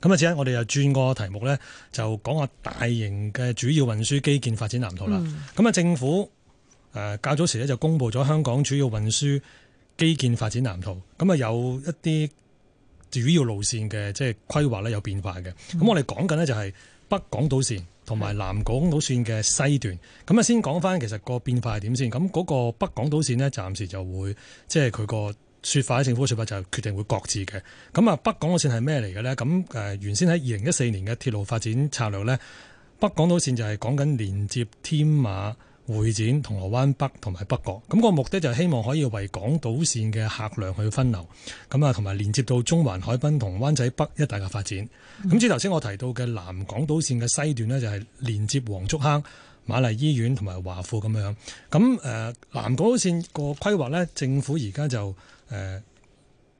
咁啊，即我哋又轉個題目呢，就講下大型嘅主要運輸基建發展藍圖啦。咁啊、嗯，政府誒較早時呢，就公布咗香港主要運輸基建發展藍圖，咁啊，有一啲主要路線嘅即係規劃咧有變化嘅。咁、嗯、我哋講緊呢，就係北港島線同埋南港島線嘅西段。咁啊，先講翻其實個變化係點先。咁、那、嗰個北港島線呢，暫時就會即係佢個説法，政府嘅説法就係決定會擱置嘅。咁啊，北港島線係咩嚟嘅呢？咁誒，原先喺二零一四年嘅鐵路發展策略呢，北港島線就係講緊連接天馬會展、銅鑼灣北同埋北角。咁個目的就係希望可以為港島線嘅客量去分流。咁啊，同埋連接到中環海濱同灣仔北一帶嘅發展。咁至於頭先我提到嘅南港島線嘅西段呢，就係、是、連接黃竹坑、瑪麗醫院同埋華富咁樣。咁誒，南港島線個規劃呢，政府而家就誒、呃、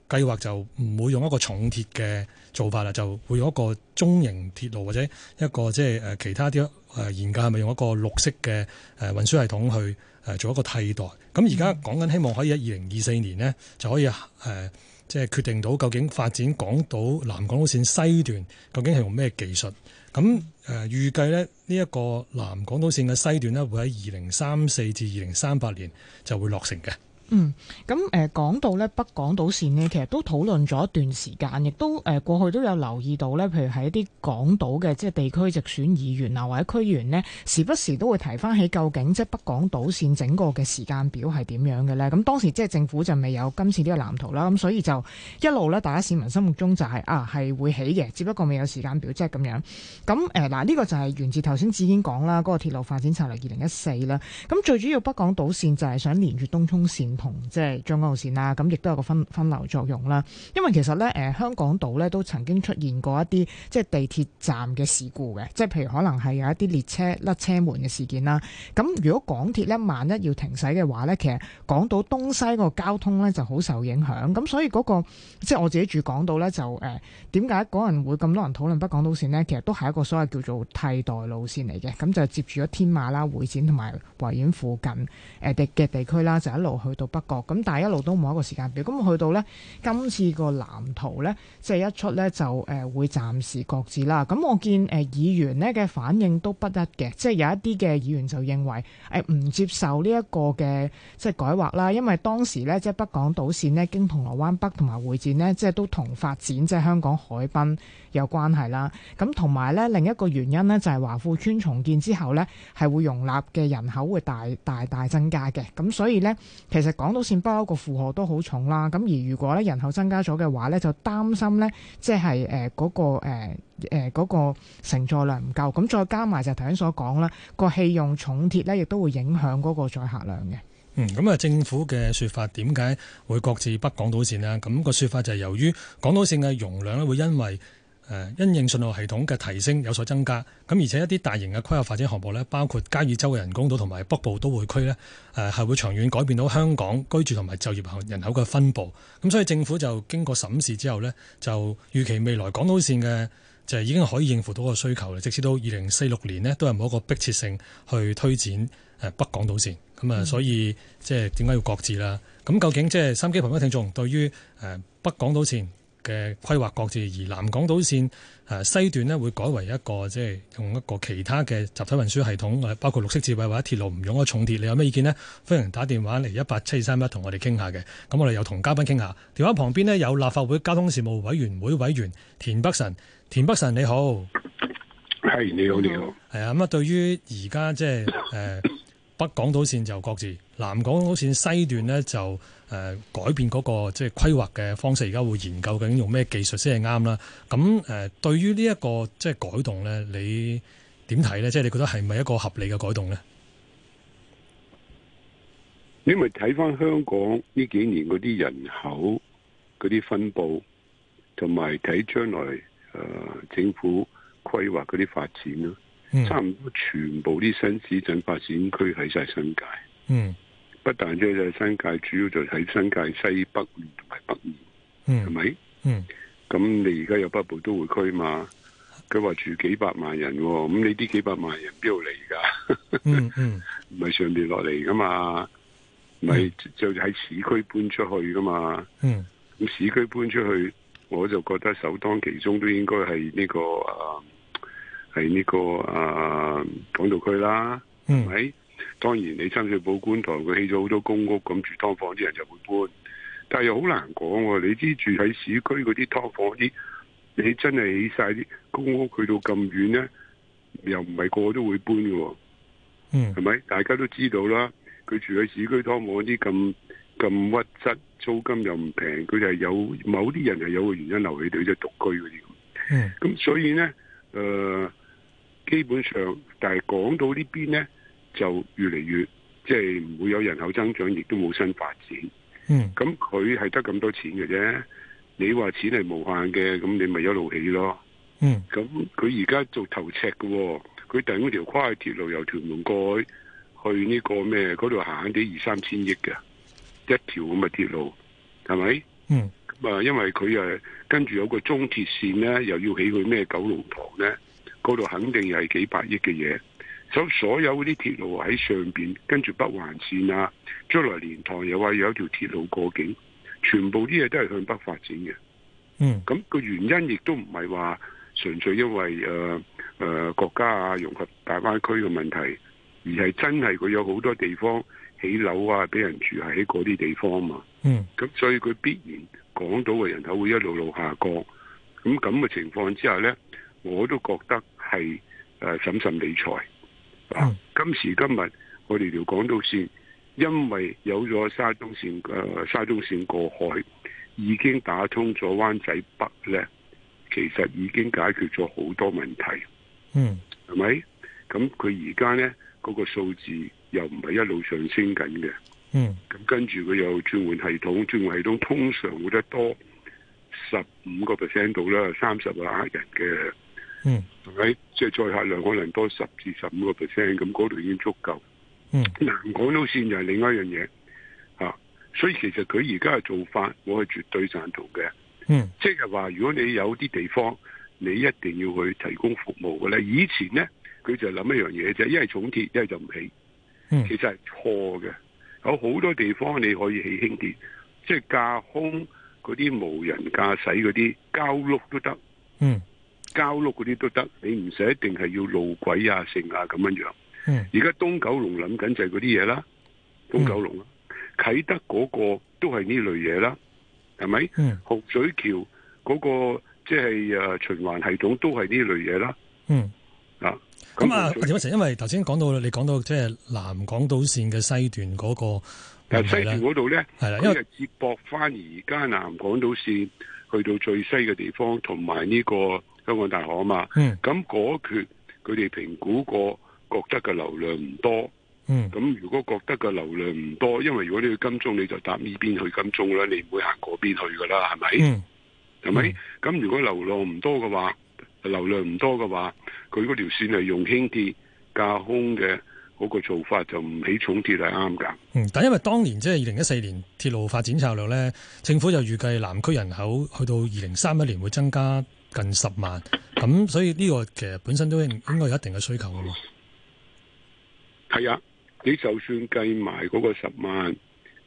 計劃就唔會用一個重鐵嘅做法啦，就會用一個中型鐵路或者一個即係誒其他啲誒研究係咪用一個綠色嘅誒、呃、運輸系統去誒做一個替代？咁而家講緊希望可以喺二零二四年呢就可以誒即係決定到究竟發展港島南港島線西段究竟係用咩技術？咁誒、呃、預計呢，呢、這、一個南港島線嘅西段呢會喺二零三四至二零三八年就會落成嘅。嗯，咁誒、呃、講到咧北港島線呢，其實都討論咗一段時間，亦都誒、呃、過去都有留意到咧，譬如喺一啲港島嘅即係地區直選議員啊或者區員呢，時不時都會提翻起究竟即係北港島線整個嘅時間表係點樣嘅咧？咁當時即係政府就未有今次呢個藍圖啦，咁所以就一路咧，大家市民心目中就係、是、啊係會起嘅，只不過未有時間表即係咁樣。咁嗱，呢、呃這個就係源自頭先志堅講啦，嗰、那個鐵路發展策略二零一四啦。咁最主要北港島線就係想連住東涌線。同即係將軍澳線啦，咁亦都有個分分流作用啦。因為其實咧，誒、呃、香港島咧都曾經出現過一啲即係地鐵站嘅事故嘅，即係譬如可能係有一啲列車甩車門嘅事件啦。咁如果港鐵咧萬一要停駛嘅話咧，其實港島東西個交通咧就好受影響。咁所以嗰、嗰個即係我自己住港島咧，就誒點解嗰人會咁多人討論北港島線呢？其實都係一個所謂叫做替代路線嚟嘅。咁就接住咗天馬啦、會展同埋維園附近誒嘅地區啦，就一路去到。北角咁，但係一路都冇一個時間表。咁去到呢，今次個藍圖呢，即係一出呢，就誒會、呃、暫時擱置啦。咁我見誒、呃、議員呢嘅反應都不一嘅，即係有一啲嘅議員就認為唔、呃、接受呢一個嘅即係改劃啦，因為當時呢，即係北港島線呢，經銅鑼灣北同埋會展呢，即係都同發展即係香港海濱有關係啦。咁同埋呢，另一個原因呢，就係、是、華富邨重建之後呢，係會容納嘅人口會大大大增加嘅。咁所以呢，其實港島線包括個負荷都好重啦，咁而如果咧人口增加咗嘅話咧，就擔心咧、那個，即係誒嗰個誒誒、嗰個承載量唔夠，咁再加埋就係頭先所講啦，個棄用重鐵咧，亦都會影響嗰個載客量嘅。嗯，咁啊，政府嘅說法點解會擱置北港島線咧？咁、個說法就係由於港島線嘅容量咧會因為。誒因應信號系統嘅提升有所增加，咁而且一啲大型嘅規劃發展項目咧，包括交椅洲嘅人工島同埋北部都會區咧，誒係會長遠改變到香港居住同埋就業人口嘅分布。咁所以政府就經過審視之後呢就預期未來港島線嘅就已經可以應付到個需求，直至到二零四六年呢，都係冇一個迫切性去推展誒北港島線。咁啊，所以即係點解要擱置啦？咁究竟即係三機朋友、聽眾對於誒北港島線？嘅規劃各自，而南港島線誒西段呢會改為一個即係用一個其他嘅集體運輸系統，包括綠色智慧或者鐵路唔用嗰重鐵，你有咩意見呢？歡迎打電話嚟一八七二三一同我哋傾下嘅。咁我哋又同嘉賓傾下。電話旁邊呢有立法會交通事務委員會委員田北辰。田北辰你好，係你好你好。係啊，咁啊，對於而家即係誒。呃 北港島線就各自，南港島線西段咧就誒、呃、改變嗰、那個即係、就是、規劃嘅方式，而家會研究究竟用咩技術先係啱啦。咁誒、呃，對於呢、這、一個即係、就是、改動咧，你點睇咧？即、就、係、是、你覺得係咪一個合理嘅改動咧？你咪睇翻香港呢幾年嗰啲人口嗰啲分布，同埋睇將來誒、呃、政府規劃嗰啲發展咯。嗯、差唔多全部啲新市鎮發展區喺晒新界，嗯，不但只喺新界，主要就喺新界西北同埋北面，嗯，係咪吧？嗯，咁你而家有北部都會區嘛？佢話住幾百萬人，哦，咁你啲幾百萬人邊度嚟噶？唔係，上邊落嚟噶嘛？咪就喺市區搬出去噶嘛？嗯，咁市區搬出去，我就覺得首當其衝都應該係呢個啊。係呢、這個啊港島區啦，係、嗯、當然你深水埗、觀塘，佢起咗好多公屋，咁住劏房啲人就會搬，但係又好難講。你知住喺市區嗰啲劏房啲，你真係起晒啲公屋，去到咁遠咧，又唔係個個都會搬嘅。嗯，係咪？大家都知道啦，佢住喺市區劏房啲咁咁屈質，租金又唔平，佢就係有某啲人係有個原因留喺度，即係獨居嗰啲。咁、嗯、所以咧，誒、呃。基本上，但係講到呢邊呢，就越嚟越即係唔會有人口增長，亦都冇新發展。嗯，咁佢係得咁多錢嘅啫。你話錢係無限嘅，咁你咪一路起咯。嗯，咁佢而家做頭赤嘅喎，佢第二條跨鐵路由屯門過去，去呢個咩嗰度行緊幾二三千億嘅一條咁嘅鐵路，係咪？嗯，咁啊，因為佢誒跟住有個中鐵線呢，又要起佢咩九龍塘呢。嗰度肯定又係幾百億嘅嘢，所，所有啲鐵路喺上邊，跟住北環線啊，將來蓮塘又話有一條鐵路過境，全部啲嘢都係向北發展嘅。嗯，咁個原因亦都唔係話純粹因為誒誒、呃呃、國家啊融合大灣區嘅問題，而係真係佢有好多地方起樓啊，俾人住係喺嗰啲地方嘛。嗯，咁所以佢必然港島嘅人口會一路路下降。咁咁嘅情況之下咧。我都覺得係審慎理財、嗯啊。今時今日我哋條港島線，因為有咗沙中線嘅，呃、沙中線過海，已經打通咗灣仔北呢，其實已經解決咗好多問題。嗯，係咪？咁佢而家呢，嗰、嗰個數字又唔係一路上升緊嘅。嗯，咁跟住佢有轉換系統，轉換系統通常會得多十五個 percent 到啦，三十個人嘅。是嗯，係咪即係載客量可能多十至十五個 percent 咁，嗰度已經足夠。嗯，南港島線就係另外一樣嘢吓，所以其實佢而家嘅做法，我係絕對贊同嘅。嗯，即係話如果你有啲地方，你一定要去提供服務嘅咧，以前咧佢就諗一樣嘢啫，一係重鐵，一係就唔起。嗯，其實係錯嘅，有好多地方你可以起輕鐵，即係架空嗰啲無人駕駛嗰啲膠轆都得。嗯。膠轆嗰啲都得，你唔使一定係要路軌啊、城啊咁樣樣。而家、嗯、東九龍諗緊就係嗰啲嘢啦，東九龍啊，啟、嗯、德嗰個都係呢類嘢啦，係咪、嗯啊？洪水橋嗰、嗰個即係誒循環系統都係呢類嘢啦。嗯啊，咁啊，有乜事？因為頭先講到你講到即係南港島綫嘅西段嗰個嗰度咧，係啦，因為接駁翻而家南港島綫去到最西嘅地方，同埋呢個。香港大學啊嘛，咁嗰橛佢哋評估過，覺得嘅流量唔多。咁、嗯、如果覺得嘅流量唔多，因為如果你去金鐘，你就搭呢邊去金鐘啦，你唔會行嗰邊去㗎喇，係咪？係咪？咁如果流量唔多嘅話，流量唔多嘅話，佢嗰條線係用輕鐵架空嘅嗰個做法就唔起重鐵係啱㗎。嗯，但因為當年即係二零一四年鐵路發展策略咧，政府就預計南區人口去到二零三一年會增加，近十萬咁，所以呢個其實本身都應該有一定嘅需求噶嘛。係啊，你就算計埋嗰個十萬，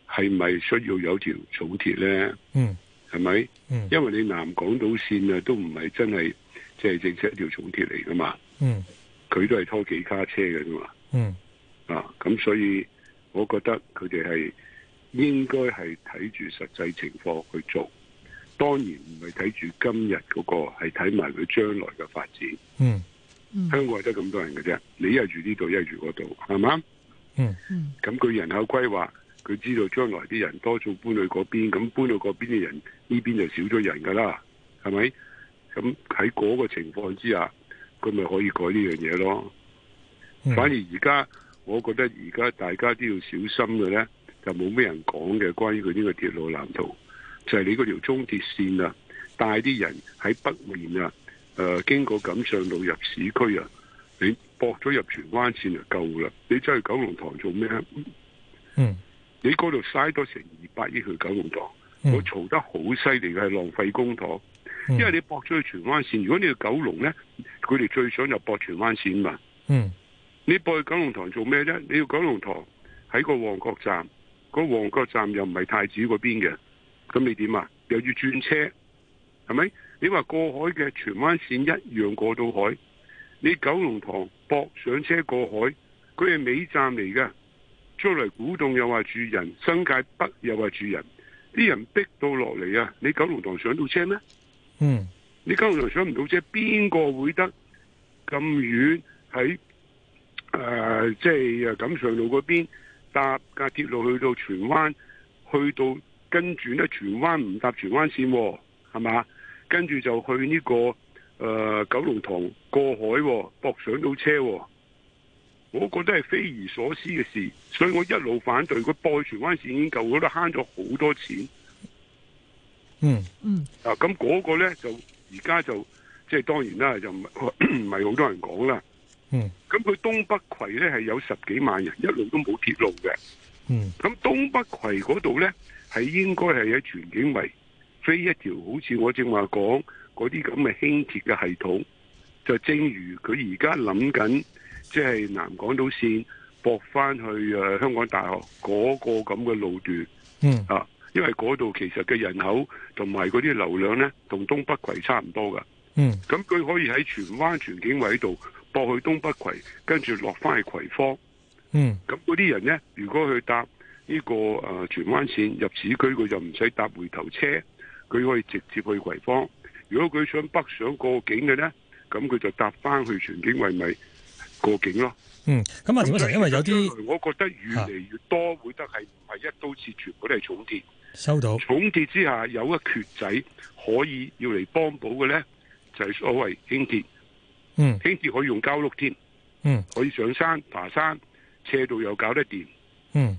係咪需要有條重鐵咧？嗯，係咪？嗯，因為你南港島綫啊，都唔係真係即係正式一條重鐵嚟噶嘛。嗯，佢都係拖幾卡車嘅啫嘛。嗯啊，咁所以我覺得佢哋係應該係睇住實際情況去做。當然唔係睇住今日嗰個，係睇埋佢將來嘅發展。嗯，嗯，香港得咁多人嘅啫，你一住呢度，一住嗰度，係嘛，嗯？嗯嗯。咁佢人口規劃，佢知道將來啲人多數搬去嗰邊，咁搬到嗰邊嘅人，呢邊就少咗人噶啦，係咪？咁喺嗰個情況之下，佢咪可以改呢樣嘢咯。反而而家，我覺得而家大家都要小心嘅咧，就冇咩人講嘅，關於佢呢個鐵路藍圖。就係你嗰條中鐵線啊，帶啲人喺北面啊，誒、呃、經過錦上路入市區啊，你駁咗入荃灣線就夠啦。你走去九龍塘做咩咧？嗯，你嗰度嘥多成二百億去九龍塘，嗯、我嘈得好犀利，係浪費公帑。嗯、因為你駁咗去荃灣線，如果你要九龍咧，佢哋最想就駁荃灣線嘛。嗯，你駁去九龍塘做咩啫？你要九龍塘喺個旺角站，個旺角站又唔係太子嗰邊嘅。咁你點啊？又要轉車，係咪？你話過海嘅荃灣線一樣過到海，你九龍塘駁上車過海，佢係尾站嚟㗎。出嚟古洞又話住人，新界北又話住人，啲人逼到落嚟啊！你九龍塘上到車咩？嗯，你九龍塘上唔到車，邊個會得咁遠喺誒？即係誒錦上路嗰邊搭架鐵路去到荃灣，去到？跟住咧，荃灣唔搭荃灣線、哦，係嘛？跟住就去呢、呢個誒、呃、九龍塘過海、哦，駁上到車、哦，我覺得係匪夷所思嘅事。所以我一路反對佢駁荃灣線，已經夠，我都慳咗好多錢。嗯嗯。啊，咁嗰個咧就而家就即係當然啦，就唔係好多人講啦。嗯。咁佢東北葵咧係有十幾萬人，一路都冇鐵路嘅。嗯。咁東北葵嗰度咧？係應該係喺全景圍，非一條好似我正話講嗰啲咁嘅輕鐵嘅系統，就正如佢而家諗緊，即係南港島線駁翻去誒香港大學嗰個咁嘅路段，嗯啊，因為嗰度其實嘅人口同埋嗰啲流量呢，同東北葵差唔多噶，嗯，咁佢可以喺荃灣全景圍度駁去東北葵，跟住落翻去葵芳，嗯，咁嗰啲人呢，如果去搭。呢、這個誒、呃、荃灣線入市區，佢就唔使搭回頭車，佢可以直接去葵芳。如果佢想北上過境嘅呢，咁佢就搭翻去荃景圍咪過境咯。嗯，咁、嗯、啊，那因為有啲，我覺得越嚟越多、啊、會得係唔係一刀切，全部都係重鐵。收到。重鐵之下有一缺仔可以要嚟幫補嘅呢，就係、是、所謂輕鐵。嗯，輕鐵可以用膠轆添。嗯，可以上山爬山，斜度又搞得掂。嗯。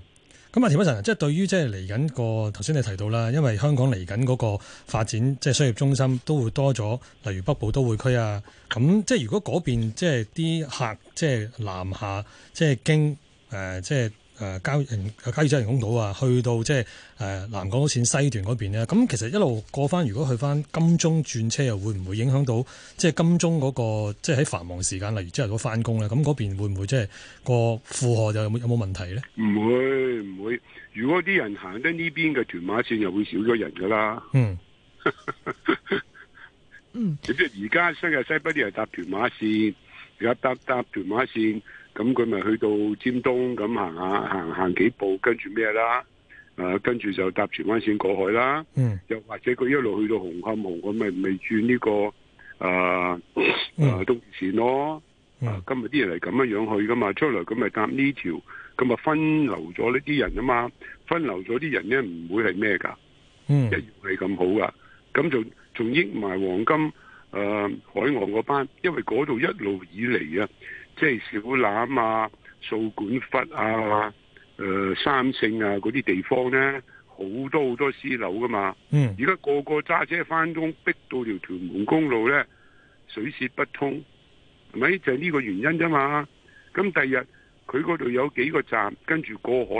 咁啊、嗯，田北辰，於即係對於即係嚟緊個頭先你提到啦，因為香港嚟緊嗰個發展即係商業中心都會多咗，例如北部都會區啊，咁即係如果嗰邊即係啲客即係南下即係經誒即係。誒交人、誒交椅洲人工島啊，去到即係誒南港島線西段嗰邊咧，咁其實一路過翻，如果去翻金鐘轉車，又會唔會影響到即係金鐘嗰、嗰個即係喺繁忙時間，例如即係朝頭早返工呢，咁嗰邊會唔會即、就、係、係嗰個負荷就有冇問題問題呢？唔會唔會，如果啲人行得呢邊嘅屯，屯馬線，又會少咗人噶啦。嗯，嗯，即係而家新界西北啲人搭屯馬線，而家搭搭屯馬線。咁佢咪去到尖東，咁行下行行幾步，跟住咩啦？誒、啊，跟住就搭荃灣綫過海啦。嗯。又或者佢一路去到紅磡，紅咁咪咪轉呢個誒誒、啊啊、東綫咯。啊、今日啲人係咁樣去噶嘛？出來咁咪搭呢條，咁咪分流咗呢啲人啊嘛？分流咗啲人咧，唔會係咩噶？嗯。一樣係咁好噶。咁就仲益埋黃金誒、啊，海岸嗰班，因為嗰度一路以嚟啊。即係小欖啊、掃管笏啊、誒、呃、三聖啊嗰啲地方咧，好多好多私樓噶嘛。嗯。而家個個揸車翻工，逼到條屯門公路咧，水泄不通，係咪就係、是、呢個原因啫嘛？咁第二日，佢嗰度有幾個站，跟住過海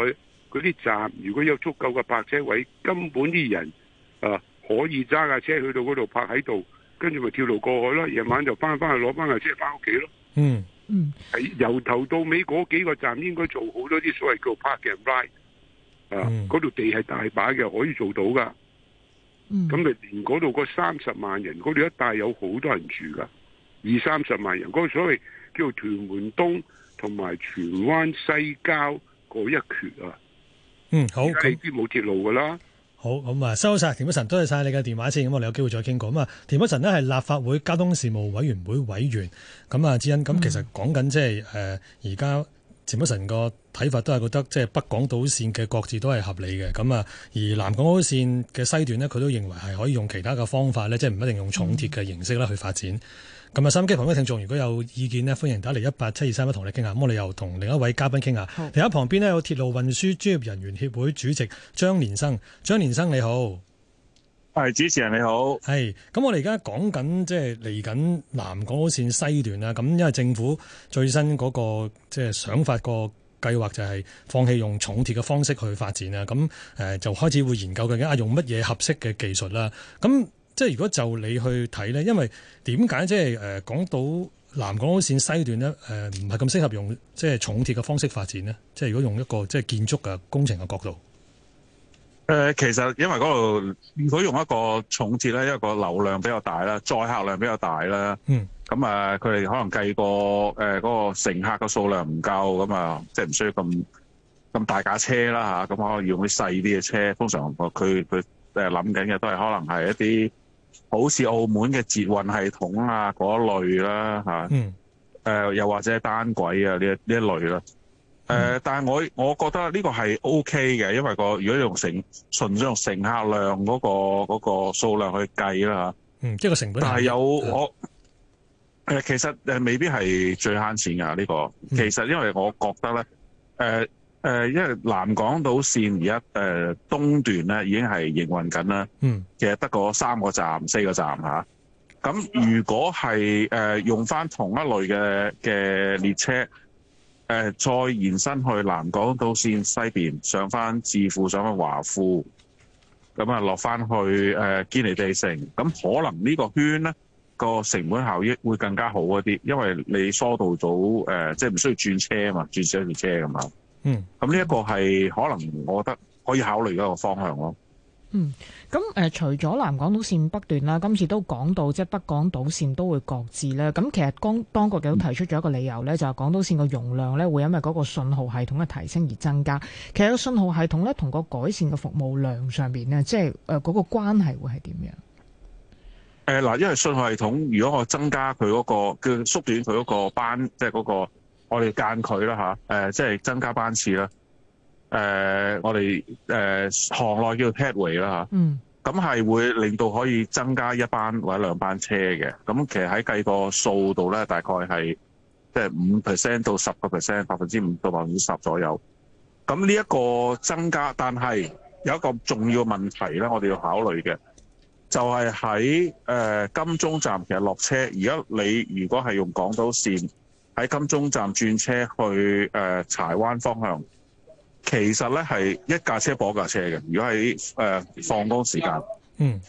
嗰啲站，如果有足夠嘅泊車位，根本啲人啊、呃、可以揸架車去到嗰度泊喺度，跟住咪跳路過海咯。夜晚就翻返去攞翻架車翻屋企咯。嗯。嗯，係由頭到尾嗰幾個站應該做好多啲所謂叫 park and ride、嗯、啊，嗰度地係大把嘅，可以做到噶。嗯，咁啊，連嗰度個三十萬人嗰度一帶有好多人住噶，二三十萬人，嗰、嗰個所謂叫做屯門東同埋荃灣西郊嗰一橛啊。嗯，好，依啲冇鐵路噶啦。好，咁啊，收晒，田北辰，多謝晒你嘅電話先，咁我哋有機會再傾過。咁啊，田北辰呢係立法會交通事務委員會委員，咁啊，智恩，咁其實講緊即係誒，而家、嗯呃、田北辰個睇法都係覺得即係北港島線嘅各自都係合理嘅，咁啊、嗯，而南港島線嘅西段呢佢都認為係可以用其他嘅方法呢，即係唔一定用重鐵嘅形式啦去發展。嗯。咁啊，收音機旁邊嘅聽眾，如果有意見呢歡迎打嚟一八七二三一，同你傾下。咁我哋又同另一位嘉賓傾下。另一呢，旁邊有鐵路運輸專業人員協會主席張連生，張連生你好。喂，主持人你好。係。咁我哋而家講緊即係嚟緊南港島線西段啦。咁因為政府最新嗰個即係想法個計劃就係放棄用重鐵嘅方式去發展啦。咁誒，就開始會研究究竟啊，用乜嘢合適嘅技術啦。咁即係如果就你去睇咧，因為點解即係誒講到南港島線西段咧誒，唔係咁適合用即係重鐵嘅方式發展咧？即係如果用一個即係建築嘅工程嘅角度，誒其實因為嗰度如果用一個重鐵咧，因為個流量比較大啦，載客量比較大啦，咁啊、嗯，佢哋可能計過誒嗰個乘客嘅數量唔夠，咁啊，即係唔需要咁咁大架車啦嚇，咁可以用啲細啲嘅車。通常佢佢誒諗緊嘅都係可能係一啲。好似澳門嘅捷運系統啊，嗰類啦、啊、吓，誒、嗯呃，又或者單軌啊呢呢一類啦、啊，誒、呃，嗯、但係我我覺得呢個係 OK 嘅，因為、那個如果用乘，純粹用乘客量嗰、那個、那個數量去計啦吓，啊、嗯，即係個成本，但係有的我，誒、呃，其實誒未必係最慳錢㗎呢、這個，其實因為我覺得咧，誒、呃。誒、呃，因為南港島線而家誒東段咧已經係營運緊啦。嗯，其實得個三個站、四個站嚇。咁、啊、如果係誒、呃、用翻同一類嘅嘅列車，誒、呃、再延伸去南港島線西邊，上翻置富，上返華富，咁啊落翻去誒、呃、堅尼地城，咁可能呢個圈咧個成本效益會更加好一啲，因為你疏導到誒，即係唔需要轉車啊嘛，轉一車條車咁嘛。嗯，咁呢一個係可能我覺得可以考慮一個方向咯。嗯，咁誒、呃，除咗南港島線北段啦，今次都講到即係北港島線都會擱置呢。咁其實當當局嘅都提出咗一個理由咧，嗯、就係港島線嘅容量咧會因為嗰個信號系統嘅提升而增加。其實個信號系統咧同個改善嘅服務量上邊咧，即係誒嗰個關係會係點樣？誒嗱，因為信號系統如果我增加佢嗰、叫佢縮短佢嗰個班，即係嗰個。我哋間距啦嚇，誒即係增加班次啦，誒我哋誒行內叫做 headway 啦嚇，嗯，咁係會令到可以增加一班或者兩班車嘅，咁其實喺計個數度咧，大概係即係五 percent 到十個 percent，百分之五到百分之十左右。咁呢一個增加，但係有一個重要問題咧，我哋要考慮嘅，就係喺誒金鐘站其實落車，而家你如果係用港島線。喺金鐘站轉車去誒柴灣方向，其實咧係一架車駁架車嘅。如果喺誒、呃、放工時間，嗯，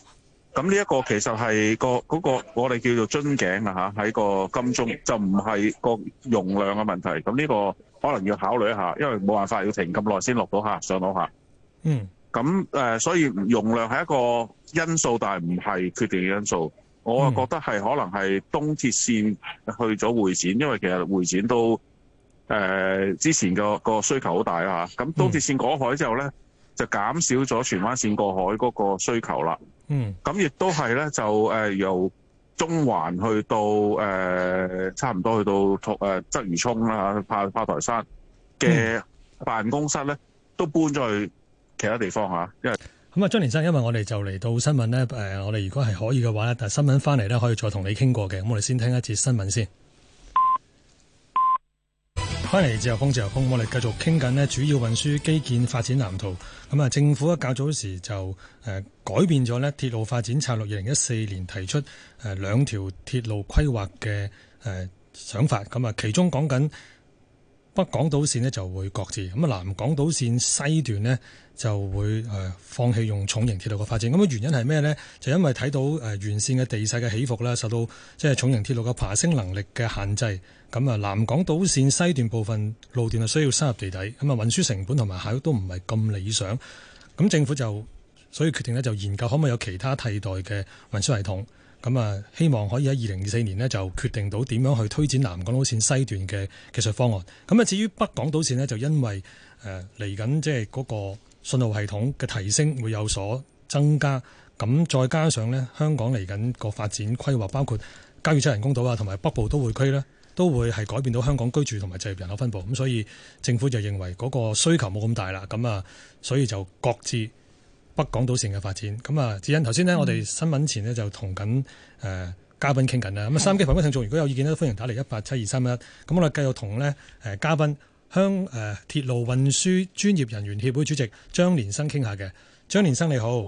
咁呢一個其實係、個嗰、個我哋叫做樽頸啊嚇，喺個金鐘就唔係個容量嘅問題。咁呢個可能要考慮一下，因為冇辦法要停咁耐先落到下上到下。嗯，咁誒、呃，所以容量係一個因素，但係唔係決定嘅因素。我啊覺得係可能係東鐵線去咗會展，因為其實會展都誒、呃、之前個個需求好大啦嚇。咁、啊、東鐵線過海之後咧，就減少咗荃灣線過海嗰個需求啦。嗯、啊。咁亦都係咧，就、呃、誒由中環去到誒、呃、差唔多去到誒鰂魚涌啦，炮、呃、炮台山嘅辦公室咧都搬咗去其他地方嚇、啊，因為。咁啊，張年生，因為我哋就嚟到新聞呢、呃。我哋如果係可以嘅話呢，但係新聞翻嚟呢，可以再同你傾過嘅。咁我哋先聽一節新聞先。翻嚟 自由風，自由風，我哋繼續傾緊主要運輸基建發展藍圖。咁啊，政府啊較早時就改變咗呢，鐵路發展策略。二零一四年提出兩條鐵路規劃嘅想法。咁啊，其中講緊北港島線呢就會擱置。咁啊，南港島線西段呢。就會誒放棄用重型鐵路嘅發展。咁啊，原因係咩呢？就因為睇到誒沿線嘅地勢嘅起伏啦，受到即係重型鐵路嘅爬升能力嘅限制。咁啊，南港島線西段部分路段啊，需要深入地底，咁啊，運輸成本同埋效益都唔係咁理想。咁政府就所以決定呢，就研究可唔可以有其他替代嘅運輸系統。咁啊，希望可以喺二零二四年呢，就決定到點樣去推展南港島線西段嘅技術方案。咁啊，至於北港島線呢，就因為誒嚟緊即係嗰個。信號系統嘅提升會有所增加，咁再加上呢，香港嚟緊個發展規劃，包括加建人工島啊，同埋北部都會區咧，都會係改變到香港居住同埋就業人口分布，咁所以政府就認為嗰個需求冇咁大啦，咁啊，所以就擱置北港島線嘅發展。咁啊，子欣頭先呢，我哋新聞前呢就同緊誒嘉賓傾緊啦。咁啊，司機朋友聽眾如果有意見咧，歡迎打嚟一八七二三一。咁我哋繼續同呢誒嘉賓。向誒、呃、鐵路運輸專業人員協會主席張年生傾下嘅，張年生你好，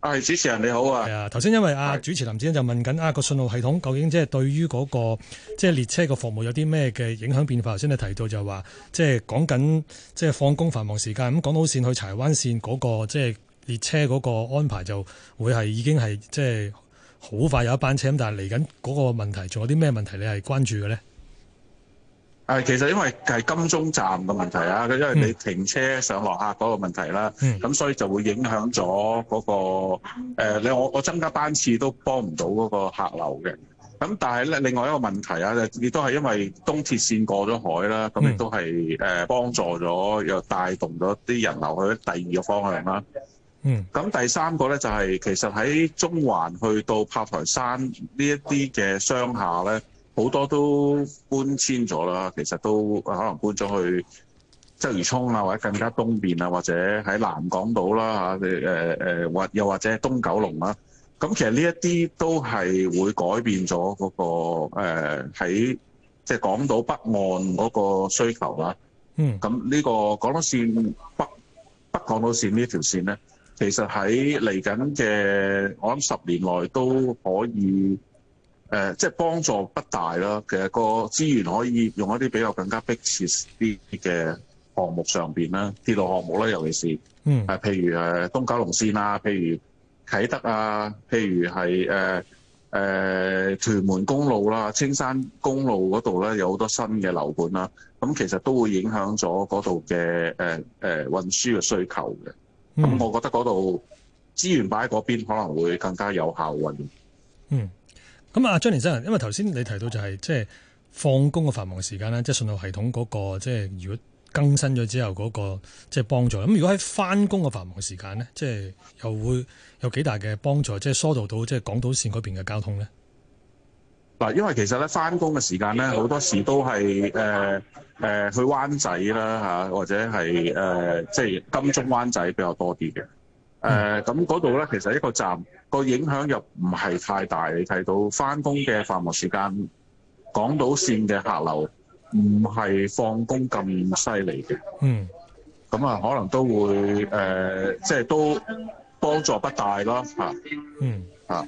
啊主、哎、持人你好啊，係啊，頭先因為啊是主持林子欣就問緊啊個信號系統究竟即係對於嗰、那個即、就是、列車個服務有啲咩嘅影響變化？頭先你提到就話即係講緊即係放工繁忙時間咁港島線去柴灣線嗰、那個即、就是、列車嗰個安排就會係已經係即係好快有一班車咁，但係嚟緊嗰個問題仲有啲咩問題你係關注嘅咧？係，其實因為係金鐘站嘅問題啊，因為你停車上落客嗰個問題啦、啊，咁、嗯、所以就會影響咗嗰、那個、呃、你我我增加班次都幫唔到嗰個客流嘅。咁但係咧，另外一個問題啊，亦都係因為東鐵線過咗海啦，咁亦都係誒、呃、幫助咗又帶動咗啲人流去第二個方向啦。嗯。咁第三個咧就係、是、其實喺中環去到炮台山呢一啲嘅商廈咧。好多都搬遷咗啦，其實都可能搬咗去鰂魚涌啊，或者更加東邊啊，或者喺南港島啦，誒誒誒，或又或者東九龍啦。咁其實呢一啲都係會改變咗嗰個誒喺即係港島北岸嗰個需求啦。嗯。咁呢個港島線北北港島線呢條線咧，其實喺嚟緊嘅，我諗十年內都可以。誒、呃、即係幫助不大咯，其實個資源可以用一啲比較更加迫切啲嘅項目上邊啦，鐵路項目啦，尤其是嗯誒、呃，譬如誒東九龍線啦，譬如啟德啊，譬如係誒誒屯門公路啦、青山公路嗰度咧有好多新嘅樓盤啦，咁其實都會影響咗嗰度嘅誒誒運輸嘅需求嘅，咁我覺得嗰度資源擺喺嗰邊可能會更加有效運。嗯。咁啊，張年生，因為頭先你提到就係、是、即係放工嘅繁忙時間咧，即係信號系統嗰、那個即係如果更新咗之後嗰、那個即係幫助。咁如果喺翻工嘅繁忙時間咧，即係又會有幾大嘅幫助，即係疏導到即係港島線嗰邊嘅交通咧？嗱，因為其實咧翻工嘅時間咧，好多時都係誒、呃呃、去灣仔啦嚇，或者係誒、呃、即係金鐘灣仔比較多啲嘅。誒咁嗰度咧，呃、那那其實一個站。個影響又唔係太大，你睇到返工嘅繁忙時間，港島線嘅客流唔係放工咁犀利嘅，嗯，咁啊可能都會誒、呃，即係都幫助不大咯，啊、嗯，啊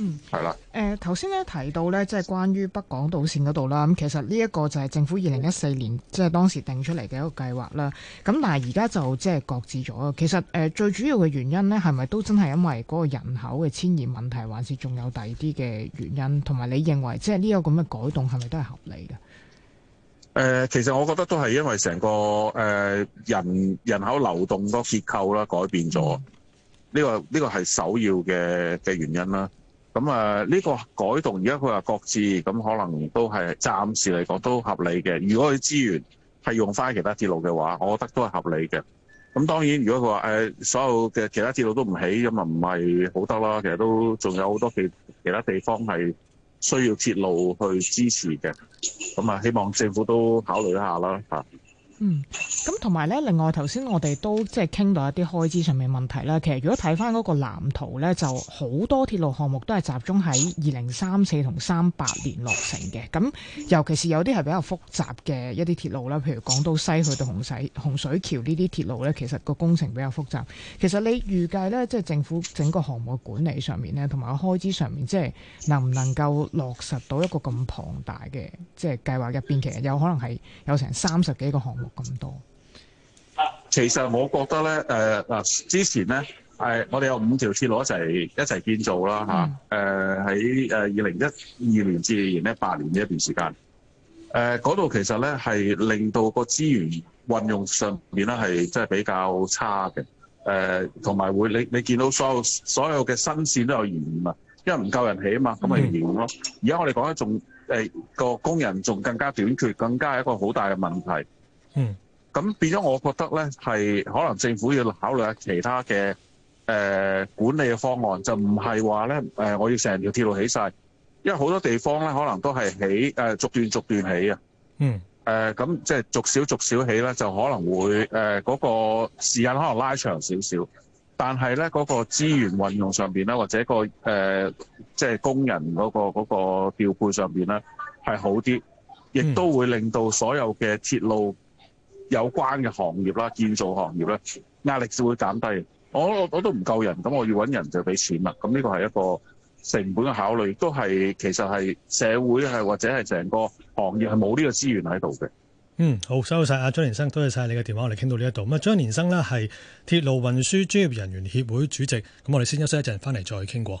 嗯，係、呃、啦。誒頭先咧提到咧，即、就、係、是、關於北港島線嗰度啦。咁其實呢一個就係政府二零一四年即係、就是、當時定出嚟嘅一個計劃啦。咁但係而家就即係擱置咗。其實誒、呃、最主要嘅原因咧，係咪都真係因為嗰個人口嘅遷移問題，還是仲有第二啲嘅原因？同埋你認為即係呢一個咁嘅改動係咪都係合理嘅？誒、呃，其實我覺得都係因為成個誒、呃、人人口流動個結構啦改變咗，呢、嗯這個呢、這個係首要嘅嘅原因啦。咁啊，呢個改動而家佢話各自，咁可能都係暫時嚟講都合理嘅。如果佢資源係用翻其他鐵路嘅話，我覺得都係合理嘅。咁當然，如果佢話、呃、所有嘅其他鐵路都唔起，咁啊唔係好得啦。其實都仲有好多其，其他地方係需要鐵路去支持嘅。咁啊，希望政府都考慮一下啦，吓。嗯，咁同埋咧，另外頭先我哋都即係傾到一啲開支上面問題啦。其實如果睇翻嗰個藍圖咧，就好多鐵路項目都係集中喺二零三四同三八年落成嘅。咁尤其是有啲係比較複雜嘅一啲鐵路啦，譬如港島西去到洪水洪水橋呢啲鐵路咧，其實個工程比較複雜。其實你預計咧，即係政府整個項目嘅管理上面咧，同埋個開支上面，即係能唔能夠落實到一個咁龐大嘅即係計劃入邊？其實有可能係有成三十幾個項目。咁多，其實我覺得咧，誒嗱，之前咧，誒我哋有五條線路一齊一齊建造啦，嚇、嗯，誒喺誒二零一二年至二零一八年呢一段時間，誒嗰度其實咧係令到個資源運用上面咧係真係比較差嘅，誒同埋會你你見到所有所有嘅新線都有延誤啊，因為唔夠人起啊嘛，咁咪延誤咯。而家、嗯、我哋講咧，仲誒個工人仲更加短缺，更加係一個好大嘅問題。嗯，咁變咗，我覺得咧係可能政府要考慮下其他嘅誒、呃、管理嘅方案，就唔係話咧誒我要成條鐵路起晒，因為好多地方咧可能都係起誒、呃，逐段逐段起啊。嗯。誒、呃，咁即係逐少逐少起咧，就可能會誒嗰、呃個時間可能拉長少少，但係咧嗰個資源運用上邊咧，或者、個誒即係工人嗰、個嗰、個調配上邊咧係好啲，亦都會令到所有嘅鐵路。有關嘅行業啦，建造行業啦，壓力就會減低。我我我都唔夠人，咁我要揾人就俾錢啦。咁、這、呢個係一個成本嘅考慮，亦都係其實係社會係或者係成個行業係冇呢個資源喺度嘅。嗯，好，收晒阿張年生，多謝晒你嘅電話，我哋傾到呢一度。咁啊，張年生呢係鐵路運輸專業人員協會主席。咁我哋先休息一陣，翻嚟再傾過。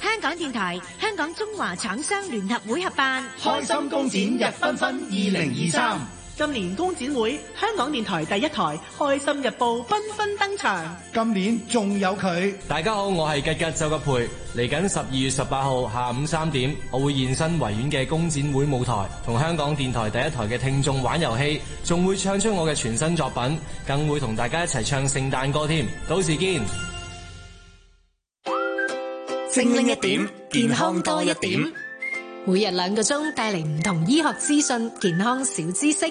香港電台、香港中華廠商聯合會合辦，開心工展日分分二零二三。今年工展會，香港電台第一台《開心日報》繽紛登場。今年仲有佢。大家好，我係吉吉周吉培。嚟緊十二月十八號下午三點，我會現身維園嘅工展會舞台，同香港電台第一台嘅聽眾玩遊戲，仲會唱出我嘅全新作品，更會同大家一齊唱聖誕歌添。到時見。精靈一點，健康多一點。每日兩個鐘，帶嚟唔同醫學資訊、健康小知識。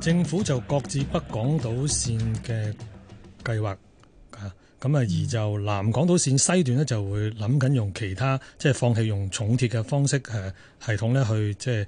政府就各自北港島線嘅計劃啊，咁啊，而就南港島線西段咧就會諗緊用其他，即係放棄用重鐵嘅方式誒系統咧去即係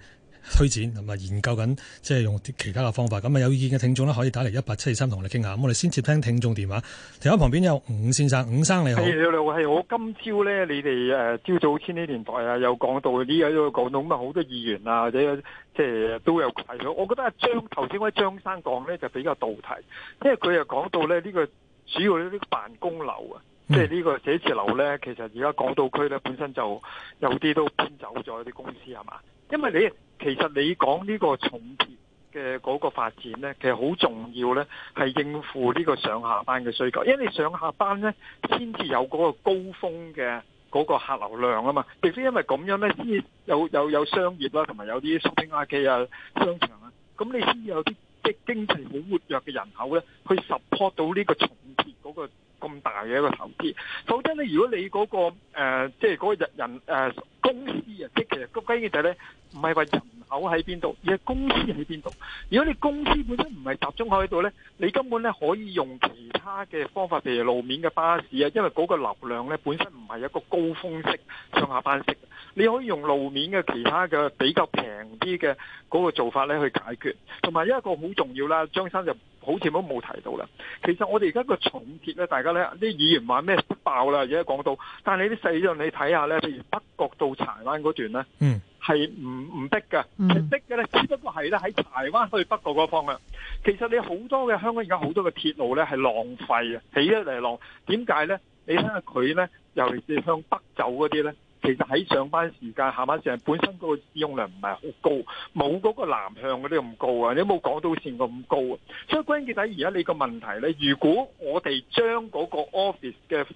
推展，同埋研究緊即係用啲其他嘅方法。咁啊，有意見嘅聽眾咧可以打嚟一八七二三同我哋傾下。咁我哋先接聽聽眾電話。電話旁邊有伍先生，伍生你好。你好，係我。今朝咧，你哋誒朝早千禧年代啊，又講到啲嘢都講到咁啊，好多議員啊或者。即係都有提佢，我覺得阿張頭先位張生講咧就比較道題，因為佢又講到咧呢個主要呢啲辦公樓啊，即係呢個寫字樓咧，其實而家港島區咧本身就有啲都搬走咗啲公司係嘛，因為你其實你講呢個重鐵嘅嗰個發展咧，其實好重要咧，係應付呢個上下班嘅需求，因為你上下班咧先至有嗰個高峰嘅。嗰個客流量啊嘛，除非因為咁樣咧，先有有有商業啦，同埋有啲 shopping arcade 啊、商場啊，咁你先有啲即經濟好活躍嘅人口咧，去 support 到呢個重建嗰、那個。咁大嘅一個投資，否則咧，如果你嗰、嗰個、呃、即係嗰個人人、呃、公司啊，即係其實關鍵就係咧，唔係話人口喺邊度，而係公司喺邊度。如果你公司本身唔係集中喺度咧，你根本咧可以用其他嘅方法，譬如路面嘅巴士啊，因為嗰個流量咧本身唔係一個高峰式上下班式，你可以用路面嘅其他嘅比較平啲嘅嗰個做法咧去解決。同埋一個好重要啦，張生就。好似都冇提到啦。其實我哋而家個重鐵咧，大家咧啲議員話咩逼爆啦，而家講到。但係你啲細上你睇下咧，譬如北角到柴灣嗰段咧，嗯，係唔唔逼嘅，係逼嘅咧，只不過係咧喺柴灣去北角嗰方向。其實你好多嘅香港而家好多嘅鐵路咧係浪費嘅，起咗嚟浪。點解咧？你睇下佢咧，尤其是向北走嗰啲咧。其實喺上班時間，下班時間本身嗰個使用量唔係好高，冇嗰個南向嗰啲咁高啊，你冇港島線咁高啊。所以關鍵睇而家你個問題咧，如果我哋將嗰個 office 嘅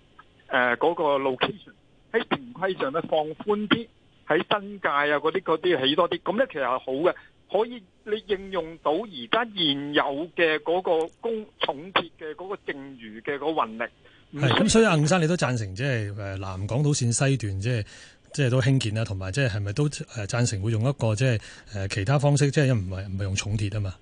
誒嗰個 location 喺平規上咧放寬啲，喺新界啊嗰啲嗰啲起多啲，咁咧其實係好嘅，可以你應用到而家現有嘅嗰個工重疊嘅嗰個剩餘嘅嗰個運力。係咁，嗯、所以硬生你都贊成，即係誒南港島綫西段，即係即係都興建啦，同埋即係係咪都誒贊成會用一個即係誒、呃、其他方式，即係因唔係唔係用重鐵啊嘛？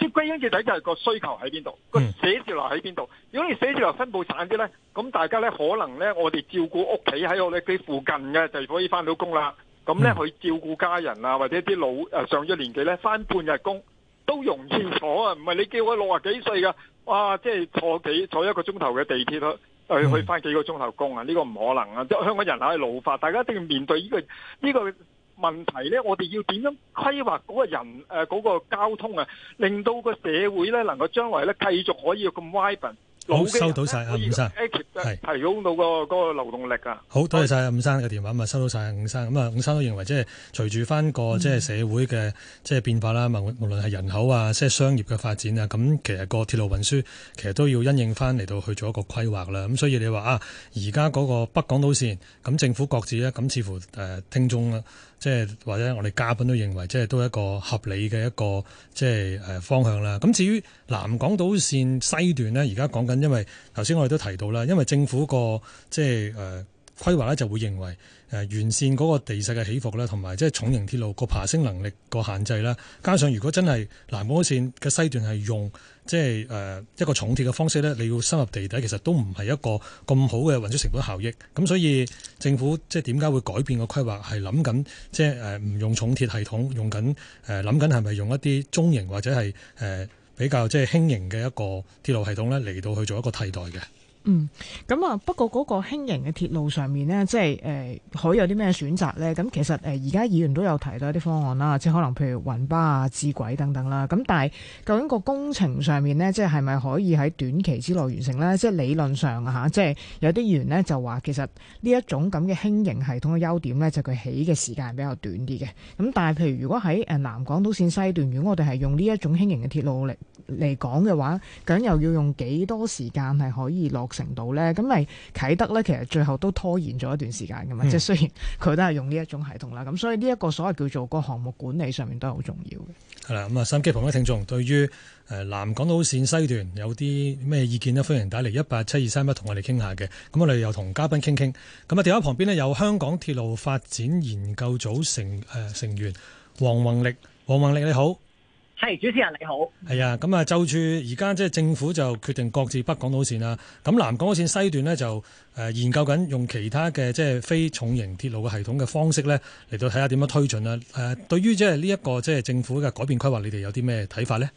嗯、即係歸根結底就係個需求喺邊度，個寫字樓喺邊度。嗯、如果你寫字樓分布散啲咧，咁大家咧可能咧，我哋照顧屋企喺我哋附近嘅，就可以翻到工啦。咁咧去照顧家人啊，或者啲老誒、呃、上咗年紀咧，翻半日工。都融清楚啊！唔係你叫我六啊幾歲噶？哇！即係坐幾坐一個鐘頭嘅地鐵去去翻幾個鐘頭工啊！呢個唔可能啊！即係香港人口係老化，大家一定要面對呢個呢個問題咧。我哋要點樣規劃嗰個人誒嗰個交通啊？令到個社會咧能夠將來咧繼續可以咁歪笨。好收到晒啊，伍生係係提到、那個嗰是流動力啊！好，多謝晒阿伍生嘅電話，收到晒阿伍生。咁啊，伍生都認為即係隨住翻個即係社會嘅即係變化啦。無、嗯、無論係人口啊，即、就、係、是、商業嘅發展啊，咁其實個鐵路運輸其實都要因應翻嚟到去做一個規劃啦。咁所以你話啊，而家嗰個北港島線咁政府各自咧，咁似乎誒、呃、聽眾啦、啊。即係或者我哋嘉賓都認為，即係都係一個合理嘅一個即係方向啦。咁至於南港島線西段呢，而家講緊，因為頭先我哋都提到啦，因為政府個即係規劃咧就會認為，誒、呃、完善嗰個地勢嘅起伏咧，同埋即係重型鐵路個爬升能力個限制啦。加上如果真係南港線嘅西段係用即係誒一個重鐵嘅方式咧，你要深入地底，其實都唔係一個咁好嘅運輸成本效益。咁所以政府即係點解會改變個規劃，係諗緊即係誒唔用重鐵系統，用緊誒諗緊係咪用一啲中型或者係誒、呃、比較即係輕型嘅一個鐵路系統咧，嚟到去做一個替代嘅。嗯，咁啊，不過嗰個輕型嘅鐵路上面呢即係、呃、可以有啲咩選擇呢？咁其實呃、而家議員都有提到一啲方案啦，即可能譬如雲巴啊、智軌等等啦。咁但係究竟個工程上面呢，即係係咪可以喺短期之內完成呢？即係理論上啊，即係有啲議員呢就話，其實呢一種咁嘅輕型系統嘅優點呢，就佢、係、起嘅時間比較短啲嘅。咁但係譬如如果喺南港島線西段，如果我哋係用呢一種輕型嘅鐵路嚟嚟講嘅話，咁又要用幾多時間係可以落？程度咧，咁咪啟德呢，其實最後都拖延咗一段時間噶嘛。即係、嗯、雖然佢都係用呢一種系統啦，咁所以呢一個所謂叫做個項目管理上面都係好重要嘅。係啦、嗯，咁啊、嗯，收音機旁邊嘅聽眾對於南港島線西段有啲咩意見呢？歡迎打嚟一八七二三一同我哋傾下嘅。咁我哋又同嘉賓傾傾。咁啊，電話旁邊呢，有香港鐵路發展研究組成誒、呃、成員黃弘曆，黃弘曆你好。係主持人你好。係啊，咁啊，就住而家即係政府就決定擱置北港島線啦。咁南港島線西段呢，就誒研究緊用其他嘅即係非重型鐵路嘅系統嘅方式咧嚟到睇下點樣推進啦。誒，對於即係呢一個即係政府嘅改變規劃，你哋有啲咩睇法呢？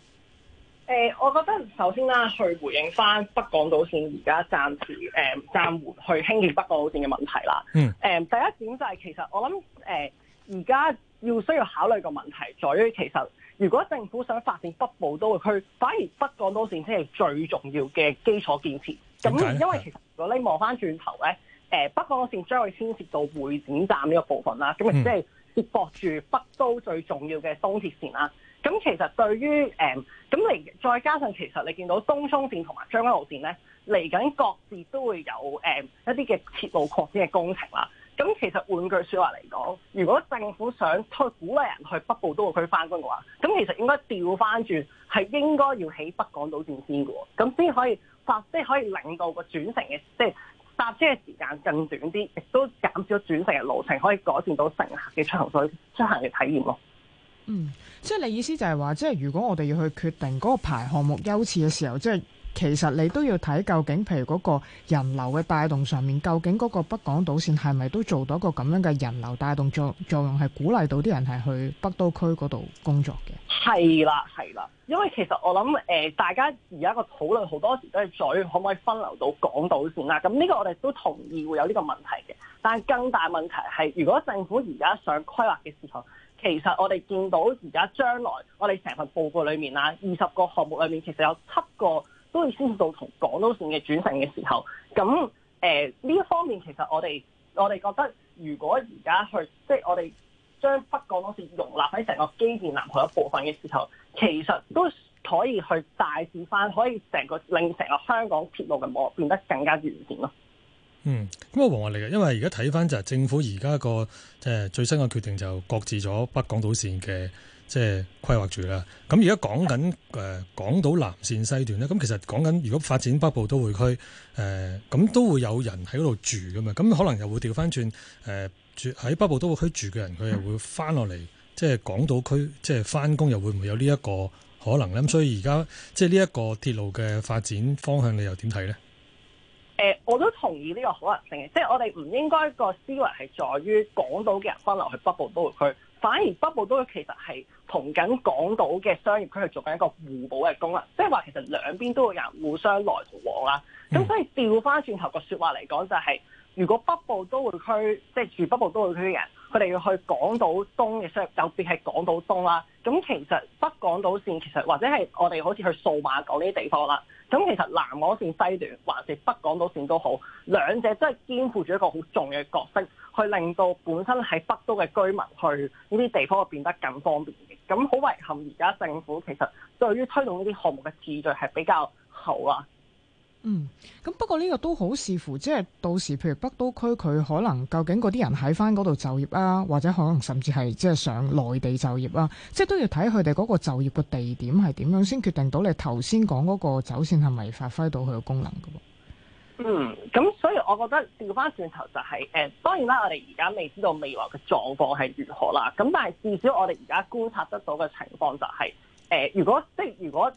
誒、呃，我覺得首先啦，去回應返北港島線而家暫時誒暫緩去興建北港島線嘅問題啦。嗯。誒，第一點就係、是、其實我諗誒而家要需要考慮個問題，在於其實。如果政府想發展北部都會區，反而北港島線先係最重要嘅基礎建設。咁因為其實如果你望翻轉頭咧，誒的北港島線將會牽涉到會展站呢個部分啦。咁即係接駁住北都最重要嘅東鐵線啦。咁其實對於誒咁嚟，嗯、你再加上其實你見到東涌線同埋將軍澳線咧，嚟緊各自都會有誒一啲嘅鐵路擴展嘅工程啦。咁其實換句説話嚟講，如果政府想推鼓勵人去北部都會區翻工嘅話，咁其實應該調翻轉，係應該要起北港島線先嘅喎，咁先可以發，即係可以令到個轉乘嘅，即係搭車嘅時間更短啲，亦都減少咗轉乘嘅路程，可以改善到乘客嘅出行嘅出行嘅體驗咯。嗯，即係你意思就係話，即係如果我哋要去決定嗰個排項目優次嘅時候，即係。其實你都要睇究竟，譬如嗰個人流嘅帶動上面，究竟嗰個北港島線係咪都做到一個咁樣嘅人流帶動作作用，係鼓勵到啲人係去北都區嗰度工作嘅？係啦，係啦，因為其實我諗誒、呃，大家而家個討論好多時都係講可唔可以分流到港島線啦、啊。咁呢個我哋都同意會有呢個問題嘅，但係更大問題係，如果政府而家想規劃嘅時候，其實我哋見到而家將來我哋成份報告裡面啦、啊，二十個項目裡面其實有七個都會先到同港島線嘅轉乘嘅時候，咁誒呢一方面其實我哋我哋覺得，如果而家去即係我哋將北港島線容納喺成個基建藍圖一部分嘅時候，其實都可以去大致翻，可以成個令成個香港鐵路嘅網變得更加完善咯。嗯，咁啊，黃弘曆嘅，因為而家睇翻就係政府而家個即係最新嘅決定，就擱置咗北港島線嘅。即係規劃住啦。咁而家講緊誒港島南線西段呢，咁其實講緊如果發展北部都會區誒，咁都會有人喺嗰度住噶嘛。咁可能又會調翻轉誒住喺北部都會區住嘅人，佢又會翻落嚟即係港島區，即係翻工又會唔會有呢一個可能呢？咁所以而家即係呢一個鐵路嘅發展方向，你又點睇呢？誒，我都同意呢個可能性嘅，即係我哋唔應該個思維係在於港島嘅人返落去北部都會區。反而北部都會其實係同緊港島嘅商業區去做緊一個互補嘅功能，即係話其實兩邊都有人互相來同往啦。咁所以調翻轉頭個説話嚟講，就係，就係如果北部都會區，即係住北部都會區嘅人。佢哋要去港島東嘅，即係特別係港島東啦。咁其實北港島線其實或者係我哋好似去數碼港呢啲地方啦。咁其實南港島線西段還是北港島線都好，兩者都係肩負住一個好重要嘅角色，去令到本身喺北都嘅居民去呢啲地方變得更方便嘅。咁好遺憾，而家政府其實對於推動呢啲項目嘅次序係比較後啦。嗯，咁不過呢個都好視乎，即係到時譬如北都區佢可能究竟嗰啲人喺翻嗰度就業啊，或者可能甚至係即係上內地就業啊，即係都要睇佢哋嗰個就業嘅地點係點樣先決定到你頭先講嗰個走線係咪發揮到佢嘅功能㗎。嗯，咁所以我覺得調翻轉頭就係、是、誒、呃，當然啦，我哋而家未知道未來嘅狀況係如何啦。咁但係至少我哋而家觀察得到嘅情況就係、是、誒、呃，如果即係如果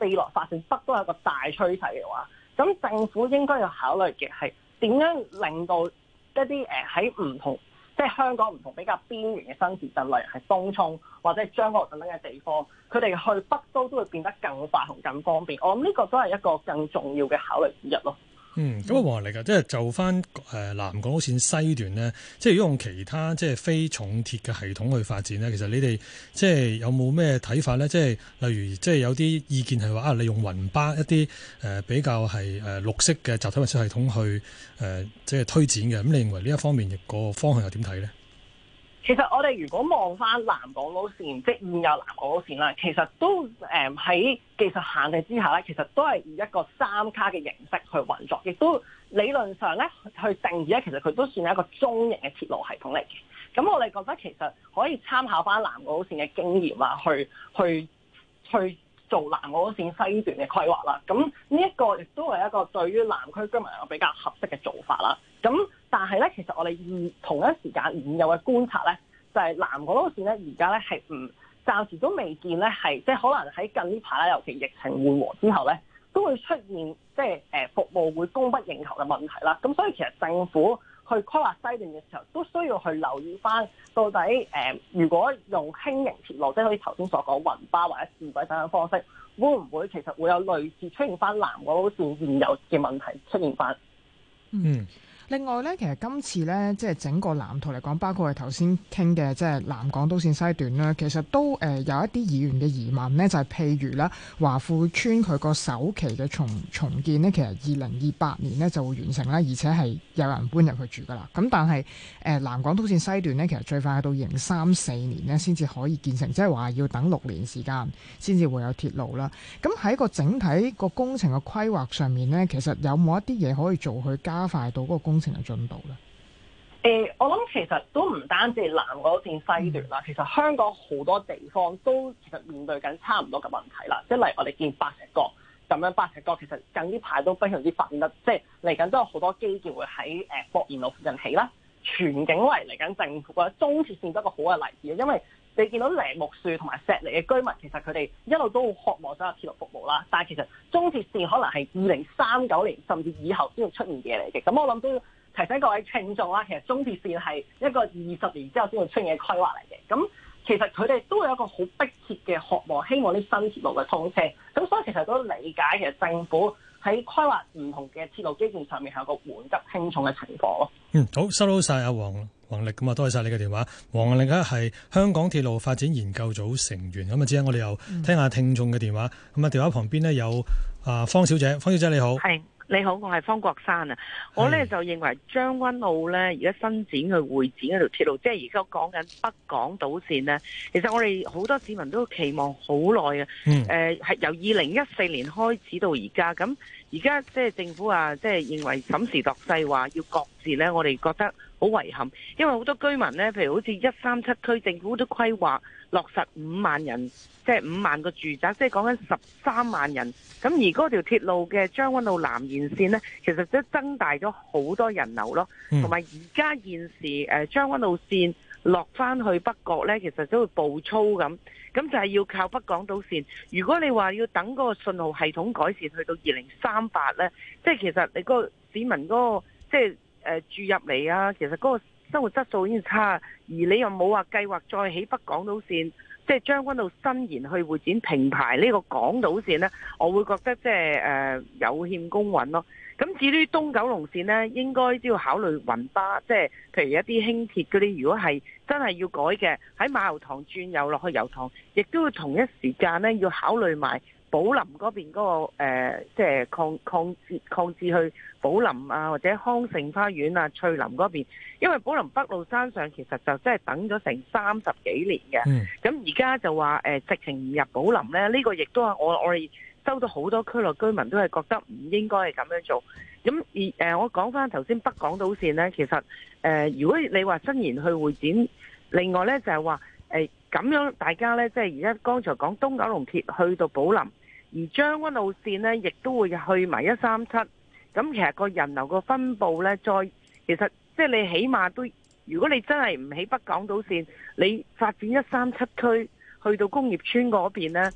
未來發展北都係一個大趨勢嘅話。咁政府應該要考慮嘅係點樣令到一啲誒喺唔同即係、就是、香港唔同比較邊緣嘅新市鎮，例如係東涌或者係將軍澳等等嘅地方，佢哋去北都都會變得更快同更方便。我諗呢個都係一個更重要嘅考慮之一咯。嗯，咁啊，黃嚟㗎，即係就翻誒南港島線西段咧，即係如果用其他即係非重鐵嘅系統去發展咧，其實你哋即係有冇咩睇法咧？即係例如即係有啲意見係話啊，你用雲巴一啲誒比較係誒綠色嘅集體運輸系統去誒即係推展嘅，咁你認為呢一方面嘅個方向又點睇咧？其實我哋如果望翻南港島線即現有南港島線啦，其實都誒喺技術限制之下咧，其實都係以一個三卡嘅形式去運作，亦都理論上咧去定義咧，其實佢都算係一個中型嘅鐵路系統嚟嘅。咁我哋覺得其實可以參考翻南港島線嘅經驗啊，去去去。做南港島線西段嘅規劃啦，咁呢一個亦都係一個對於南區居民一個比較合適嘅做法啦。咁但係咧，其實我哋同一時間現有嘅觀察咧，就係、是、南港島線咧而家咧係唔暫時都未見咧係，即、就、係、是、可能喺近呢排咧，尤其疫情緩和之後咧，都會出現即係誒服務會供不應求嘅問題啦。咁所以其實政府，去規劃西段嘅時候，都需要去留意翻到底誒，如果用輕型鐵路，即係好似頭先所講雲巴或者線軌等等方式，會唔會其實會有類似出現翻南港島線現有嘅問題出現翻？嗯。另外咧，其實今次咧，即係整個藍圖嚟講，包括我哋頭先傾嘅即係南港都線西段啦。其實都有一啲議員嘅疑問呢，就係、是、譬如啦，華富村佢個首期嘅重重建呢，其實二零二八年呢就會完成啦，而且係有人搬入去住噶啦。咁但係南港都線西段呢，其實最快係到二零三四年呢先至可以建成，即係話要等六年時間先至會有鐵路啦。咁喺個整體個工程嘅規劃上面呢，其實有冇一啲嘢可以做去加快到嗰個工程？情嘅進步咧，誒、欸，我諗其實都唔單止南港島線西段啦，其實香港好多地方都其實面對緊差唔多嘅問題啦。即係例如我哋見白石角咁樣，白石角其實近呢排都非常之發展得，即係嚟緊都有好多基建會喺誒博研路附近起啦。荃景圍嚟緊政府啦，中鐵線都一個好嘅例子，因為。你見到梨木樹同埋石梨嘅居民，其實佢哋一路都好渴望咗有鐵路服務啦。但係其實中鐵線可能係二零三九年甚至以後先會出現嘅嘢嚟嘅。咁我諗都要提醒各位聽眾啦，其實中鐵線係一個二十年之後先會出現嘅規劃嚟嘅。咁其實佢哋都有一個好迫切嘅渴望，希望啲新鐵路嘅通車。咁所以其實都理解，其實政府喺規劃唔同嘅鐵路基建上面，係一個緩急輕重嘅情況咯。嗯，好，收到晒阿黃啦。弘曆咁啊，多謝晒你嘅電話。弘曆咧係香港鐵路發展研究組成員，咁啊，之後我哋又聽下聽，聽眾嘅電話。咁啊、嗯，電話旁邊呢，有、呃、啊方小姐，方小姐你好，係你好，我係方國珊。啊是。我呢就認為將軍澳呢，而家新展去會展嗰條鐵路，即係而家講緊北港島線呢，其實我哋好多市民都期望好耐啊。誒、由二零一四年開始到而家，咁而家即係政府啊，即、就、係、是、認為審時度勢話要各自呢。我哋覺得。好遺憾，因為好多居民呢，譬如好似一三七區政府都規劃落實五萬人，即係五萬個住宅，即係講緊十三萬人。咁而嗰條鐵路嘅將軍澳南延線呢，其實都增大咗好多人流咯。同埋而家現時誒將軍澳線落返去北角呢，其實都會暴粗咁。咁就係要靠北港島線。如果你話要等嗰個信號系統改善去到二零三八呢，即係其實你個市民嗰個，即係。誒住入嚟啊，其實嗰個生活質素已經差，而你又冇話計劃再起北港島線，即係將軍澳綫伸延去會展平排呢個港島線呢，我會覺得即係誒有欠公允咯。咁至於東九龍線呢，應該都要考慮雲巴，即係譬如一啲輕鐵嗰啲，如果係真係要改嘅，喺馬游塘轉右落去油塘，亦都要同一時間呢，要考慮埋。寶林嗰邊嗰、那個誒、呃，即係擴擴擴置去寶林啊，或者康盛花園啊、翠林嗰邊，因為寶林北路山上其實就真係等咗成三十幾年嘅。咁、嗯呃、而家就話直情唔入寶林咧，呢、這個亦都係我我哋收到好多區內居民都係覺得唔應該係咁樣做。咁、嗯、而、呃、我講翻頭先北港島線咧，其實誒、呃，如果你話伸延去會展，另外咧就係話誒咁樣大家咧，即係而家剛才講東九龍鐵去到寶林。而將軍澳線呢，亦都會去埋一三七。咁其實個人流個分佈呢，再其實即係你起碼都，如果你真係唔起北港島線，你發展一三七區去到工業村嗰邊呢，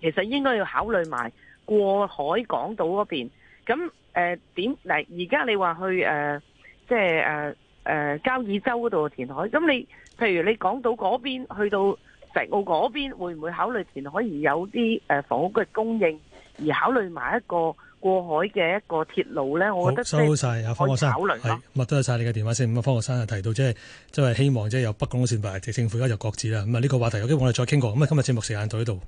其實應該要考慮埋過海港島嗰邊。咁誒點嗱？而、呃、家你話去誒，即係誒誒交椅洲嗰度填海。咁你譬如你港島嗰邊去到。石澳嗰邊會唔會考慮填海，可以有啲誒房屋嘅供應，而考慮埋一個過海嘅一個鐵路咧？好我覺得收晒。阿方學生，係咁啊，多謝晒你嘅電話先。咁啊，方學生就提到即係即係希望即係由北港都或者政府而家又擱置啦。咁啊，呢個話題有機會我跟我哋再傾過。咁啊，今日節目時間到呢度。